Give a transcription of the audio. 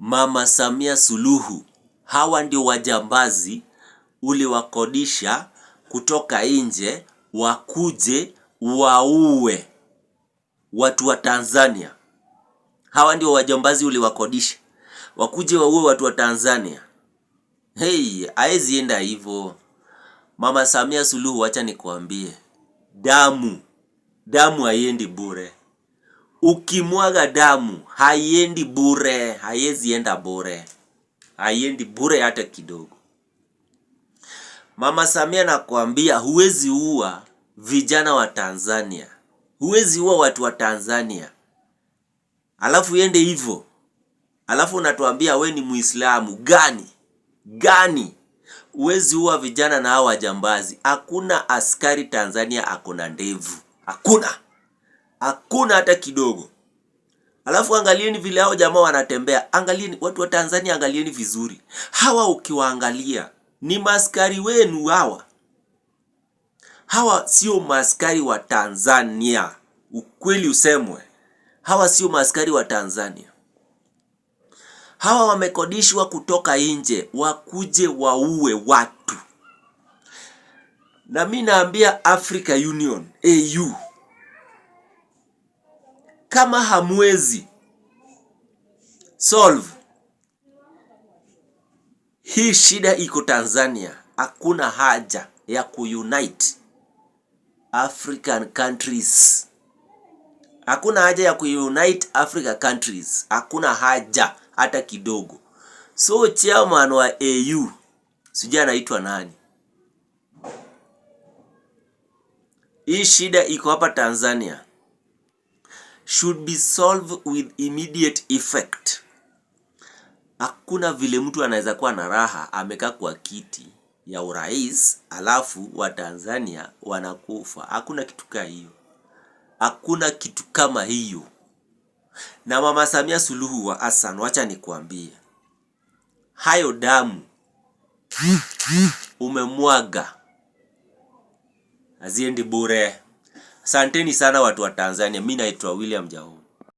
Mama Samia Suluhu. Hawa ndio wajambazi uliwakodisha kutoka nje wakuje waue watu wa Tanzania. Hawa ndio wajambazi uliwakodisha wakuje waue watu wa Tanzania. Hey, haezi enda hivyo. Mama Samia Suluhu, acha nikuambie, damu damu haiendi bure ukimwaga damu haiendi bure, haiwezi enda bure, haiendi bure hata kidogo. Mama Samia nakwambia, huwezi ua vijana wa Tanzania, huwezi ua watu wa Tanzania alafu iende hivyo, alafu unatuambia we ni Muislamu gani gani? Huwezi ua vijana na hawa wajambazi. Hakuna askari Tanzania akona ndevu, hakuna hakuna hata kidogo. Alafu angalieni vile hao jamaa wanatembea, angalieni watu wa Tanzania, angalieni vizuri hawa. Ukiwaangalia ni maskari wenu hawa, hawa sio maskari wa Tanzania. Ukweli usemwe, hawa sio maskari wa Tanzania. Hawa wamekodishwa kutoka nje, wakuje waue watu, na mi naambia Africa Union au kama hamwezi solve hii shida iko Tanzania, hakuna haja ya kuunite African countries, hakuna haja ya kuunite Africa countries, hakuna haja hata kidogo. So chairman wa AU sijui anaitwa nani, hii shida iko hapa Tanzania should be solved with immediate effect. Hakuna vile mtu anaweza kuwa na raha amekaa kwa kiti ya urais alafu Watanzania wanakufa. Hakuna kitu kama hiyo, hakuna kitu kama hiyo. Na Mama Samia Suluhu wa Hassan, wacha nikuambie, hayo damu umemwaga haziendi bure. Asanteni sana watu wa Tanzania. Mi naitwa William Jao.